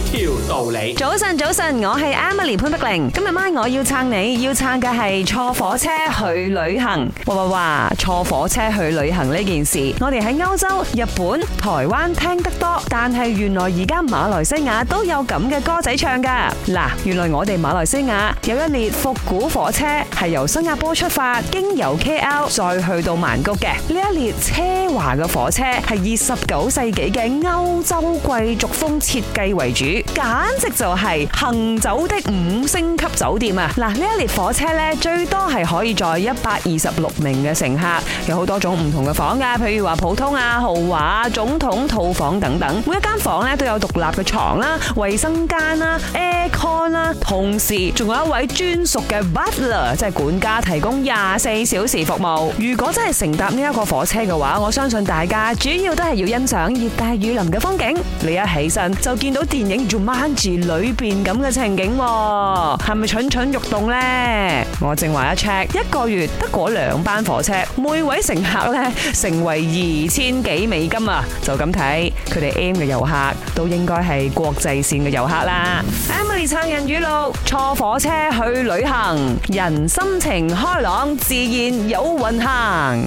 條道理。早晨，早晨，我係 Emily 潘碧玲。今日晚上我要撐你，要撐嘅係坐火車去旅行。哇哇哇！坐火車去旅行呢件事，我哋喺歐洲、日本、台灣聽得多，但係原來而家馬來西亞都有咁嘅歌仔唱噶。嗱，原來我哋馬來西亞有一列復古火車，係由新加坡出發，經由 KL 再去到曼谷嘅。呢一列奢華嘅火車係以十九世紀嘅歐洲貴族風設計為主。簡直就係行走的五星級酒店啊！嗱，呢一列火車咧，最多係可以載一百二十六名嘅乘客，有好多種唔同嘅房噶，譬如話普通啊、豪華啊、總統套房等等。每一間房咧都有獨立嘅床啦、衛生間啦、Aircon 啦，同時仲有一位專屬嘅 Butler，即係管家，提供廿四小時服務。如果真係乘搭呢一個火車嘅話，我相信大家主要都係要欣賞熱帶雨林嘅風景。你一起身就見到電。影住掹住裏邊咁嘅情景，係咪蠢蠢欲動咧？我正話一尺一個月得嗰兩班火車，每位乘客咧成為二千幾美金啊！就咁睇，佢哋 M 嘅遊客都應該係國際線嘅遊客啦。Emily 撐人語錄：坐火車去旅行，人心情開朗，自然有運行。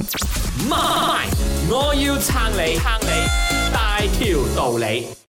媽咪，我要撐你，撐你大條道理。